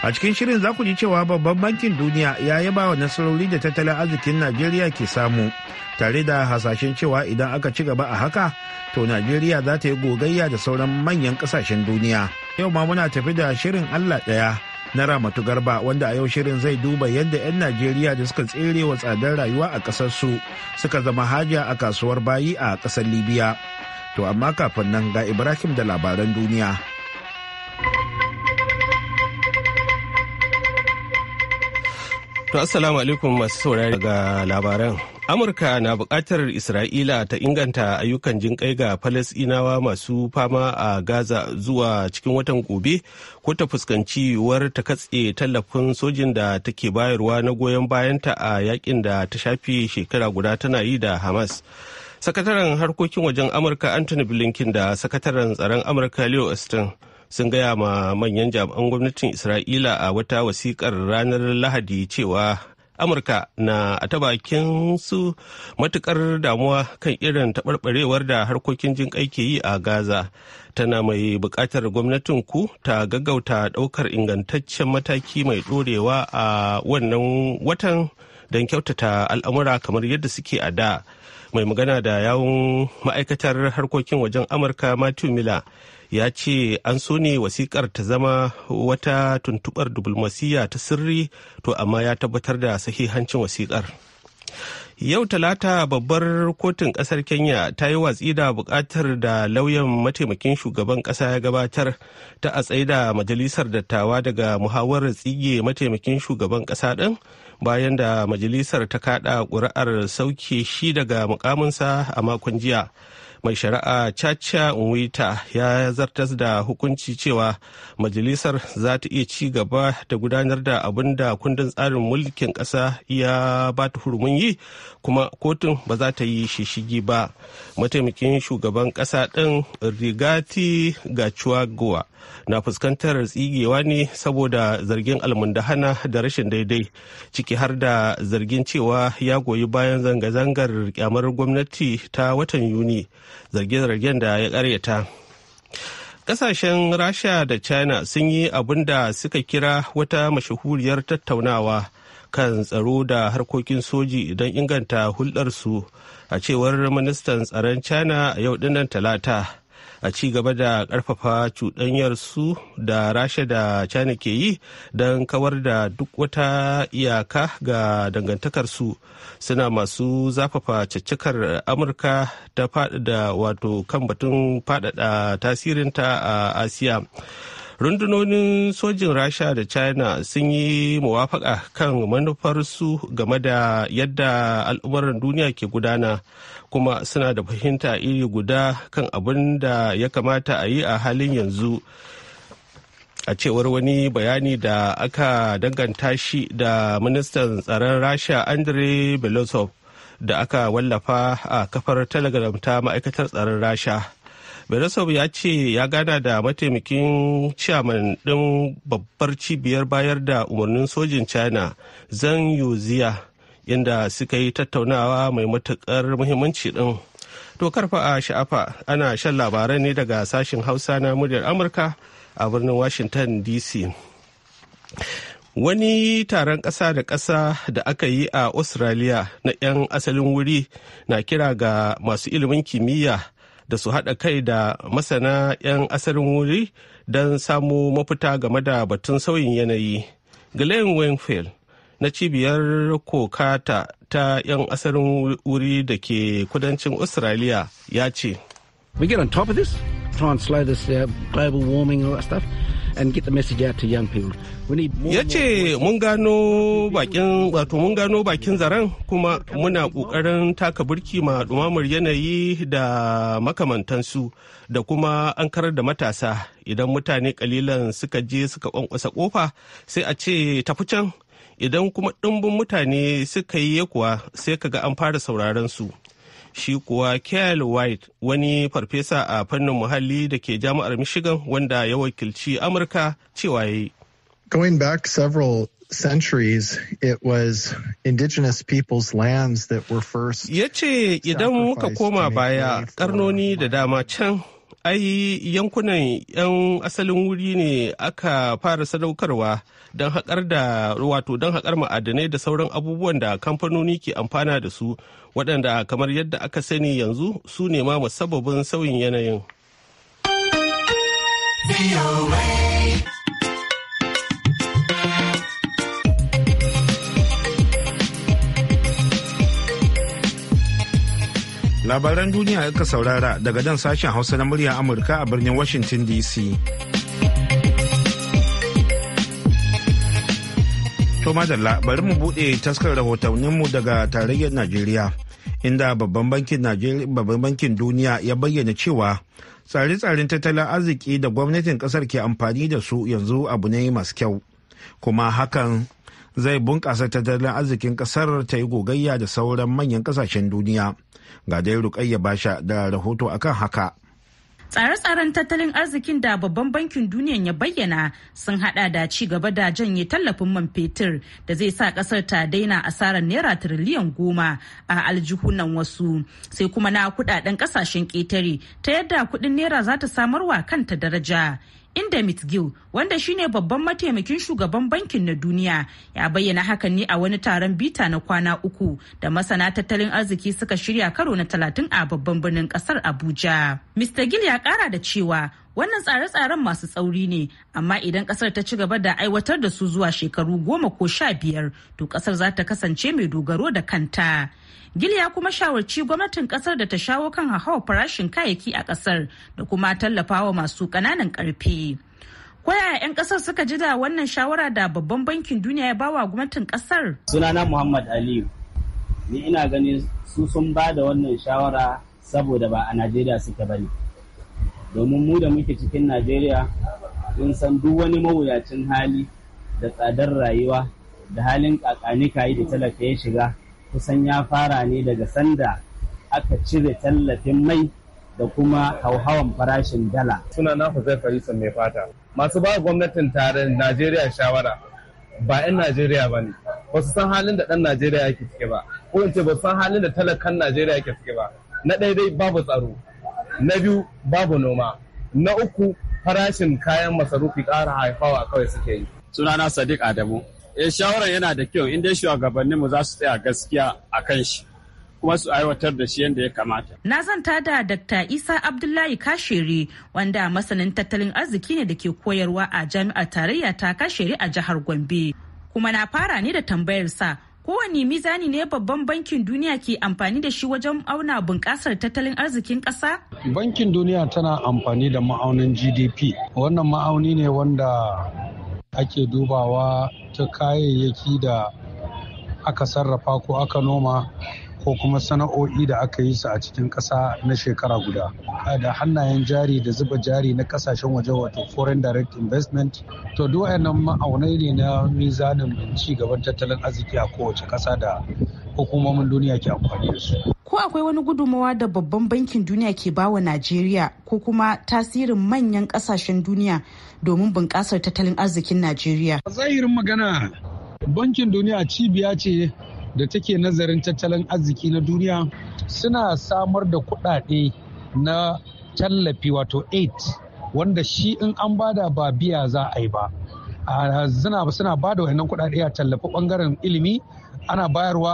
a cikin shirin za ku ji cewa babban bankin duniya ya yaba wa nasarori da tattalin arzikin najeriya ke samu tare da hasashen cewa idan aka ci gaba a haka to najeriya za ta yi gogayya da sauran manyan kasashen duniya yau ma muna tafi da shirin allah ɗaya na ramatu garba wanda a yau shirin zai duba yadda 'yan najeriya da suka tsere wa tsadar rayuwa a ƙasarsu suka zama haja a kasuwar bayi a ƙasar libya to amma kafin nan ga ibrahim da labaran duniya To assalamu alaikum masu saurari ga labaran. Amurka na buƙatar Isra'ila ta inganta ayyukan jinƙai ga Falasinawa masu fama a Gaza zuwa cikin watan gobe ko ta fuskanci yiwuwar ta katse tallafin sojin da take bayarwa na goyon bayanta a yakin da ta shafi shekara guda tana yi da Hamas. Sakataren harkokin wajen Amurka Anthony Blinken da sakataren tsaron Amurka Leo Austin sun gaya ma manyan jami'an gwamnatin isra'ila a wata wasikar ranar lahadi cewa amurka na a bakin su matukar damuwa kan irin taɓarɓarewar da harkokin jin ke yi a gaza tana mai buƙatar gwamnatin ku ta gaggauta ɗaukar ingantaccen mataki mai ɗorewa a wannan watan don kyautata al'amura kamar yadda suke a da mai magana da yawun ma'aikatar harkokin wajen amurka matthew miller ya ce an so ne wasikar ta zama wata tuntubar dublomasiya ta sirri to amma ya tabbatar da sahihancin wasikar yau talata babbar kotun kasar kenya ta yi watsi da bukatar da lauyan mataimakin shugaban kasa ya gabatar ta a tsaida majalisar dattawa daga muhawarar tsige mataimakin shugaban kasa ɗin bayan da majalisar ta kada ƙuri'ar sauke shi daga mukaminsa a makon jiya mai shari'a chacha nwita ya zartas da hukunci cewa majalisar za ta iya ci gaba da gudanar da abin da kundin tsarin mulkin ƙasa ya ba ta hurumin yi kuma kotun ba za ta yi shishigi ba mataimakin shugaban ƙasa ɗin rigati gachuagua na fuskantar tsigewa ne saboda zargin almundahana da rashin daidai ciki har da zargin cewa ya goyi bayan zanga-zangar kyamar gwamnati ta watan yuni zarge-zargen da ya karyata kasashen rasha da china sun yi abin da suka kira wata mashahuriyar tattaunawa kan tsaro da harkokin soji don inganta hulɗarsu a cewar ministan tsaron china a yau dinnan talata a ci gaba da ƙarfafa cuɗanyar su da rasha da china ke yi don kawar da duk wata iyaka ga dangantakar su suna masu zafafa caccakar amurka ta faɗaɗa wato kan batun faɗaɗa tasirinta a asiya rundunonin sojin rasha da china sun yi muwafaka kan manufarsu game da yadda al'umaran duniya ke gudana kuma suna da fahimta iri guda kan abin da ya kamata a yi a halin yanzu a cewar wani bayani da aka danganta shi da ministan tsaron rasha andrei belosov da aka wallafa a kafar telegram ta ma'aikatar tsaron rasha Beresau ya ce ya gana da mataimakin ciyaman ɗin babbar cibiyar bayar da umarnin sojin China Zhang Yuziya inda suka yi tattaunawa mai matuƙar muhimmanci ɗin. To karfa a sha'afa ana shan labarai ne daga sashen Hausa na muryar Amurka a birnin Washington DC. Wani taron ƙasa da ƙasa da aka yi a Australia na 'yan asalin wuri na kira ga masu ilimin kimiyya da su haɗa kai da masana 'yan asalin wuri don samu mafita game da batun sauyin yanayi. Glenn Winfield na cibiyar kokata ta 'yan asalin wuri da ke kudancin Australia ya ce. We get on top of this, try and slow this uh, warming that and get Ya ce mun gano bakin zaren kuma muna kokarin taka burki ma dumamar yanayi da makamantansu da kuma an karar da matasa idan mutane kalilan suka je suka kwankwasa kofa sai a ce tafi can idan kuma ɗumbin mutane suka yi yakuwa sai kaga an fara sauraron su. shi kuwa Kel White wani farfesa a fannin muhalli da ke jami'ar Michigan wanda ya wakilci Amurka cewa yayi. Going back several centuries it was indigenous people's lands that were first. Ya ce idan muka koma baya karnoni da dama can ai yankunan 'yan asalin wuri ne aka fara sadaukarwa don haƙar da wato don haƙar ma'adanai da sauran abubuwan da kamfanoni ke amfana da su waɗanda kamar yadda aka sani yanzu su ne ma musabbabin sauyin yanayin. labaran duniya ka saurara daga dan sashen hausa na murya amurka a birnin washington dc to madalla bari mu bude taskar rahotanninmu daga tarayyar najeriya inda babban bankin bankin duniya ya bayyana cewa tsare-tsaren tattalin arziki da gwamnatin kasar ke amfani da su yanzu abu ne masu kyau kuma hakan zai bunƙasa tattalin arzikin kasar ta yi gogayya da sauran manyan kasashen duniya ga dai rukayya basha da rahoto akan haka Tsare-tsaren tattalin arzikin da babban bankin duniya ya bayyana sun hada da ci gaba da janye tallafin man fetur da zai sa kasar ta daina asarar naira tiriliyan goma a aljihunan wasu sai kuma na kudaden kasashen ketare ta yadda kudin naira za ta samarwa kanta daraja. inda Gill wanda shine babban mataimakin shugaban bankin na duniya ya bayyana hakan ne a wani taron bita na kwana uku da masana tattalin arziki suka shirya karo na talatin a babban birnin kasar abuja mr Gill ya kara da cewa wannan tsare-tsaren masu tsauri ne amma idan kasar ta ci gaba da aiwatar da su zuwa shekaru goma ko sha biyar to kasar za ta kasance mai dogaro da kanta Gil ya kuma shawarci gwamnatin kasar da ta shawo kan hauhawar farashin kayayyaki a kasar da kuma tallafawa masu ƙananan karfi. Koya 'yan kasar suka ji da wannan shawara da babban bankin duniya ya bawa gwamnatin kasar? Sunana Muhammad Aliyu. Ni ina ganin su sun ba da wannan shawara saboda ba a Najeriya suka bari Domin mu da muke cikin Najeriya mun san duk wani mawuyacin hali da tsadar rayuwa da halin kakanika yi da talaka ya shiga kusan ya fara ne daga sanda aka cire tallafin mai da kuma hauhawan farashin dala. Suna na Hussein Farisa mai fata. Masu ba gwamnatin tare Najeriya shawara ba 'yan Najeriya ba ne. Ba su san halin da ɗan Najeriya yake cike ba. Ko in ce ba su san halin da talakan Najeriya yake cike ba. Na ɗaya dai babu tsaro. Na biyu babu noma. Na uku farashin kayan masarufi ƙara haifawa kawai suke yi. Sunana Sadiq Adamu. eh shawarar yana da kyau inda mu za su tsaya gaskiya a kan shi kuma su aiwatar da shi yadda ya kamata. Na zanta da Dr. Isa Abdullahi Kashiri wanda masanin tattalin arziki ne da ke koyarwa a jami'ar tarayya ta Kashiri a jihar Gombe. Kuma na fara ne da tambayar sa kowane mizani ne babban bankin duniya ke amfani da shi wajen auna bunƙasar tattalin arzikin ƙasa? Bankin duniya tana amfani da ma'aunin GDP. Wannan ma'auni ne wanda ake dubawa ta kayayyaki da aka sarrafa ko aka noma ko kuma sana'o'i da aka yi su a cikin ƙasa na shekara guda da hannayen jari da zuba jari na ƙasashen waje wato foreign direct investment to duk wayannan ma'aunai ne na mizanin ci gaban tattalin arziki a kowace ƙasa da hukumomin duniya ke amfani da su ko akwai wani gudummawa da babban bankin duniya ke bawa najeriya ko kuma tasirin manyan kasashen duniya domin bunƙasar tattalin arzikin najeriya zahirin magana bankin duniya cibiya ce da take nazarin tattalin arziki na duniya suna samar da kuɗaɗe na tallafi wato 8 wanda shi in an bada ba biya za a yi ba suna ba da wayannan kuɗaɗe a tallafi ɓangaren ilimi ana bayarwa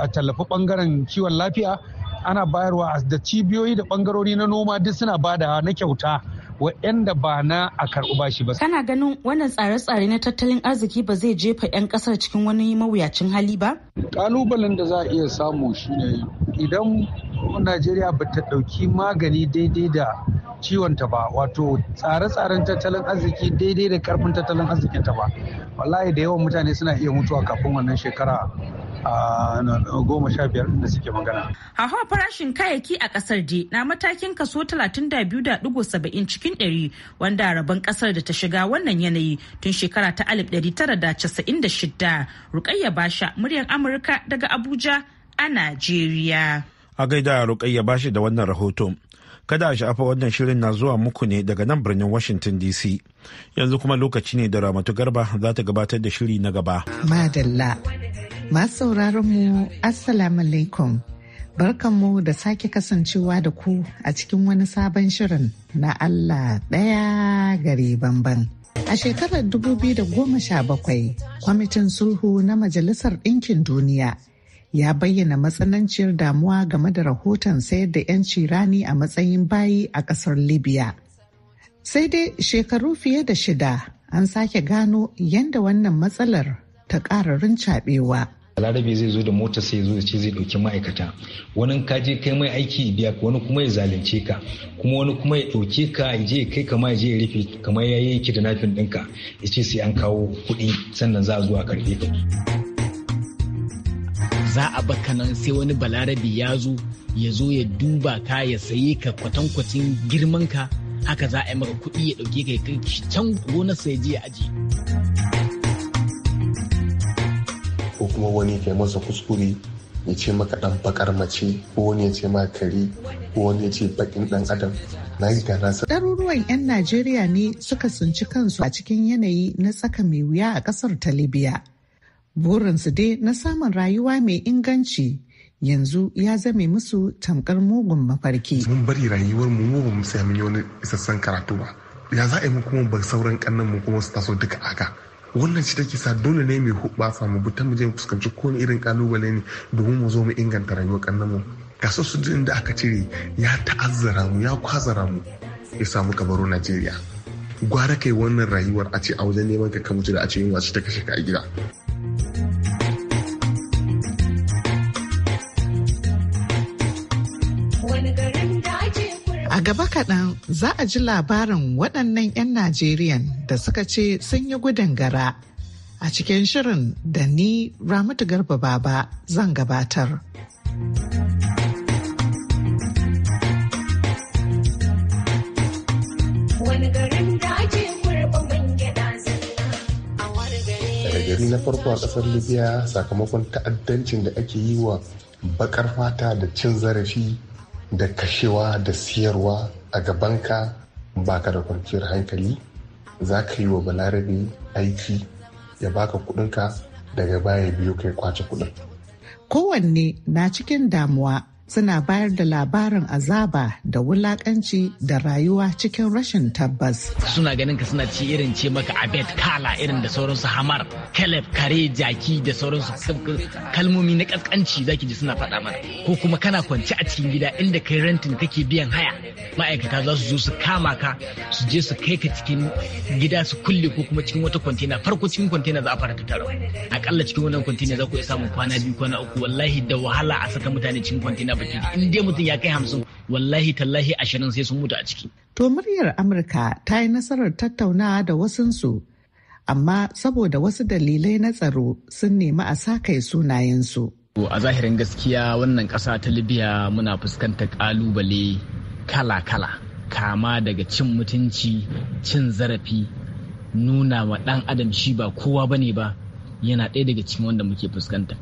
a tallafi bangaren kiwon lafiya ana bayarwa da cibiyoyi da bangarori na noma duk suna bada na kyauta waɗanda ba na a karɓi bashi ba. Kana ganin wannan tsare-tsare na tattalin arziki ba zai jefa 'yan ƙasar cikin wani mawuyacin hali ba? Ƙalubalen da za a iya samu shine idan Najeriya ba ta ɗauki magani daidai da ciwonta ba wato tsare-tsaren tattalin arziki daidai da karfin tattalin arzikinta ba wallahi da yawan mutane suna iya mutuwa kafin wannan shekara goma sha biyar da suke magana. Hawa farashin kayayyaki a kasar de na matakin kaso talatin da da biyu saba'in cikin ɗari wanda rabon kasar da ta shiga wannan yanayi tun shekara ta alif tara da da casa'in ɗari shidda rukayya basha muryar Amurka daga Abuja a Najeriya. A gaida rukayya bashi da wannan rahoton. Kada a sha'afa wannan shirin na zuwa muku ne daga nan birnin Washington DC. Yanzu kuma lokaci ne da Ramatu Garba za ta gabatar da shiri na gaba. Madalla. Masu sauraron mu Assalamu alaikum. Barkanmu da sake kasancewa da ku a cikin wani sabon shirin na Allah ɗaya gari bamban. A shekarar 2017, Kwamitin Sulhu na Majalisar Ɗinkin Duniya ya bayyana matsananciyar damuwa game da rahoton sayar da 'yanci rani a matsayin bayi a ƙasar libya sai dai shekaru fiye da shida an sake gano yadda wannan matsalar ta ƙararin cabewa larabi zai zo da mota sai zo da ce zai dauki ma'aikata wani ka je kai mai aiki biya wani kuma ya zalunce ka kuma wani kuma ya ɗauke ka ya je kai kama ya je ya rufe kamar ya da nafin ɗinka ya ce sai an kawo kuɗi sannan za a zo a ka. za a baka nan sai wani balarabi ya zo ya zo ya duba ka ya saye ka kwatankwacin girman ka haka za a yi maka kuɗi ya ɗauke ka ya can gonar sai je ya aji. Ko kuma wani kai masa kuskure ya ce maka ɗan bakar mace ko wani ya ce maka kare ko wani ya ce bakin ɗan adam na yi nasa. Ɗaruruwan 'yan Najeriya ne suka sunci kansu a cikin yanayi na tsaka mai wuya a ƙasar ta Libya. Burinsu dai na samun rayuwa mai inganci yanzu ya zame musu tamkar mugun mafarki. Mun bari rayuwar mu ba mu sami wani isassan karatu ba. Ya za a yi kuma ba sauran kannan mu kuma su taso duka aka Wannan shi take sa dole ne mai hubasa mu buta mu je mu fuskanci kowane irin kalubale ne domin mu zo mu inganta rayuwar kannan mu. ga su da aka cire ya ta'azzara mu ya kwazara mu ya samu kabaru Najeriya. gwara kai wannan rayuwar a ce a wajen neman ka mutu da a ce yin wasu ta kashe ka a gida a gaba kaɗan za a ji labarin waɗannan 'yan Najeriyan da suka ce sun yi gudun gara a cikin shirin da ni Ramatu Garba Baba zan gabatar. gari na farko a ƙasar libya sakamakon ta'addancin da ake yi wa bakar fata da cin zarafi da kashewa da siyarwa a gabanka ba ka da kwanciyar hankali za ka yi wa balarabe aiki ya baka kudinka daga baya biyu kai kwace kudin kowanne na cikin damuwa suna bayar da labarin azaba da wulakanci da rayuwa cikin rashin tabbas. Suna ganin ka suna ci irin ce maka abet kala irin da sauransu hamar, kalef, kare, jaki da sauransu kalmomi na kaskanci zaki ji suna faɗa mana. Ko kuma kana kwance a cikin gida inda kai rentin kake biyan haya. Ma'aikata za su zo su kama ka su je su kai ka cikin gida su kulle ko kuma cikin wata kwantena farko cikin kwantena za a fara tattara. Akalla cikin wannan kwantena za ku iya samun kwana biyu kwana uku wallahi da wahala a saka mutane cikin kwantena asibiti in dai mutum ya kai hamsin wallahi tallahi ashirin sai sun mutu a ciki. To muryar Amurka ta yi nasarar tattaunawa da wasunsu amma saboda wasu dalilai na tsaro sun nemi a sa kai sunayensu. A zahirin gaskiya wannan ƙasa ta Libya muna fuskantar ƙalubale kala-kala kama daga cin mutunci, cin zarafi, nuna wa ɗan adam shi ba kowa ne ba yana ɗaya daga cikin wanda muke fuskanta.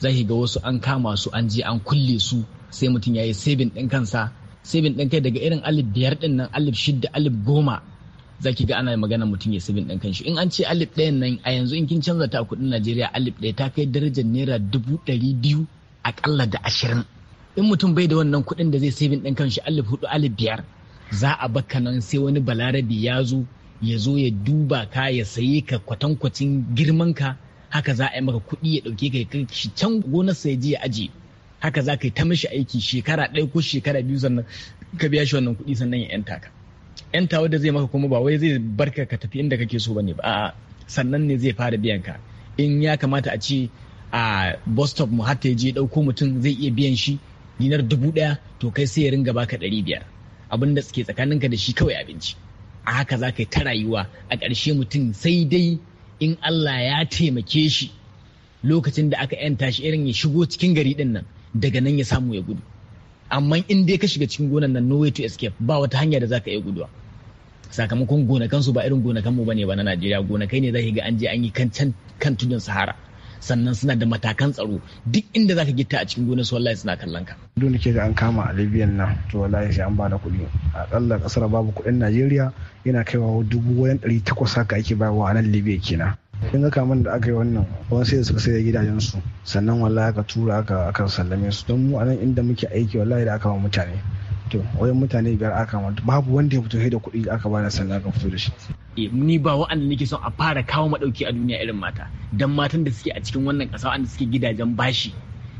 za ga wasu an kama su an je an kulle su sai mutum ya yi sabin ɗin kansa sabin ɗin kai daga irin alif biyar ɗin nan alif shidda alif goma za ki ga ana magana mutum ya sabin ɗin kanshi in an ce alif ɗayan nan a yanzu in kin canza ta kuɗin najeriya alif ɗaya ta kai darajar naira dubu ɗari biyu aƙalla da ashirin in mutum bai da wannan kuɗin da zai sabin ɗin kanshi alif hudu alif biyar za a baka nan sai wani Balarabi ya zo ya zo ya duba ka ya saye ka kwatankwacin girman ka haka za a yi maka kuɗi ya ɗauke ka ya kai shi can gonar sa ya je ya haka za ka yi ta mishi aiki shekara ɗaya ko shekara biyu sannan ka biya shi wannan kuɗi sannan ya yanta ka yanta wanda zai maka kuma ba wai zai barka ka tafi inda kake so bane ba a'a sannan ne zai fara biyan ka in ya kamata a ce a bus stop mu hatta ya je ɗauko mutum zai iya biyan shi dinar dubu ɗaya to kai sai ya ringa baka ɗari biyar abin da suke tsakaninka da shi kawai abinci a haka za ka yi ta rayuwa a ƙarshe mutum sai dai in Allah ya taimake shi lokacin da aka yanta shi irin ya shigo cikin gari din nan daga nan ya samu ya gudu amma in dai ka shiga cikin gonan nan no way to escape ba wata hanya da zaka iya guduwa sakamakon gonakan su ba irin gonakan mu bane ba na Najeriya gonakai ne zaki ga an je an yi kan can kan tudun Sahara sannan suna da matakan tsaro duk inda zaka gita a cikin gonar su wallahi suna kallon ka dole ke ga an kama a libya nan to wallahi sai an bada kuɗi a ƙalla kasar babu kuɗin najeriya yana kaiwa dubu wajen ɗari takwas haka ake bayarwa a nan libya kenan in ga kamar da aka yi wannan wani sai da suka sai gidajensu sannan wallahi aka tura aka aka sallame su don mu a nan inda muke aiki wallahi da aka wa mutane to wajen mutane biyar aka ma babu wanda ya fito da kuɗi aka bada sannan aka fito da shi Eh, ni ba wa'anda nake son a fara kawo maɗauki a duniya irin mata dan matan da suke a cikin wannan ƙasa wa'anda suke gidajen bashi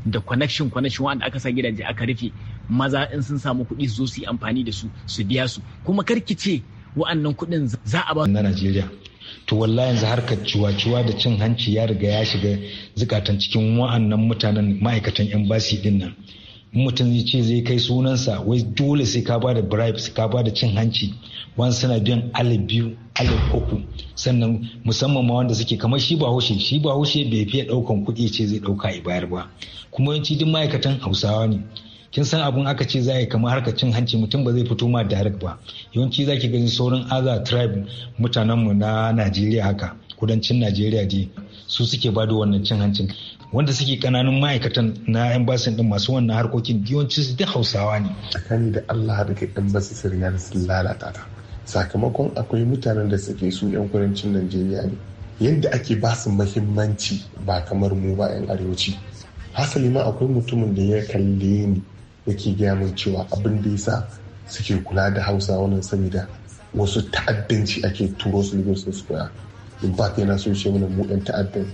da connection connection wa'anda aka sa gidaje aka rufe maza in sun samu kuɗi su zo su yi amfani da su su biya su kuma kar ki ce wa'annan kuɗin za a ba na Najeriya to wallahi yanzu harkar ciwa-ciwa da cin hanci ya riga ya shiga zukatan cikin wa'annan mutanen ma'aikatan yan basi din nan mutum ya ce zai kai sunansa wai dole sai ka bada bribes ka bada cin hanci wani suna biyan alif biyu alif uku sannan musamman ma wanda suke kamar shi bahaushe shi bahaushe bai fiye daukan kuɗi ce zai dauka a bayar ba kuma yawanci duk ma'aikatan hausawa ne kin san abun aka ce za a yi kamar harkar cin hanci mutum ba zai fito ma direct ba yawanci za ki gani sauran aza tribe mutanenmu na najeriya haka kudancin najeriya dai su suke ba da wannan cin hancin wanda suke kananan ma'aikatan na 'yan basin din masu wannan harkokin yawanci su duk hausawa ne tsakani da Allah da kai basu sun riga sun lalata ta sakamakon akwai mutanen da suke su yan kudancin Najeriya ne yadda ake ba su muhimmanci ba kamar mu ba yan arewaci hasali ma akwai mutumin da ya kalle ni yake gaya min cewa abin da yasa suke kula da hausa wannan saboda wasu ta'addanci ake turo su Lagos Square in fact yana so shi mana mu yan ta'addan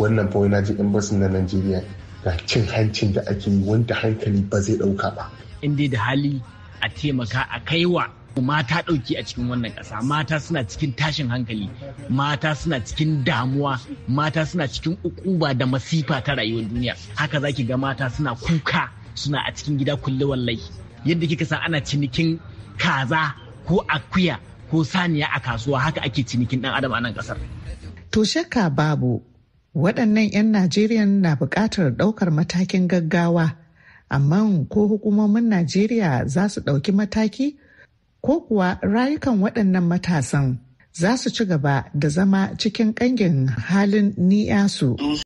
wannan fa na je embassy na Najeriya ga cin hancin da ake yi wanda hankali ba zai ɗauka ba in dai da hali a taimaka a kai wa mata ɗauki a cikin wannan ƙasa mata suna cikin tashin hankali mata suna cikin damuwa mata suna cikin ukuba da masifa ta rayuwar duniya haka zaki ga mata suna kuka suna a cikin gida kulle wallahi yadda kika san ana cinikin kaza ko akuya ko saniya a kasuwa haka ake cinikin dan adam a nan kasar To shakka babu waɗannan 'yan Najeriya na buƙatar ɗaukar matakin gaggawa, amma ko hukumomin Najeriya za su ɗauki mataki ko kuwa rayukan waɗannan matasan za su ci gaba da zama cikin ƙangin halin ni'yasu.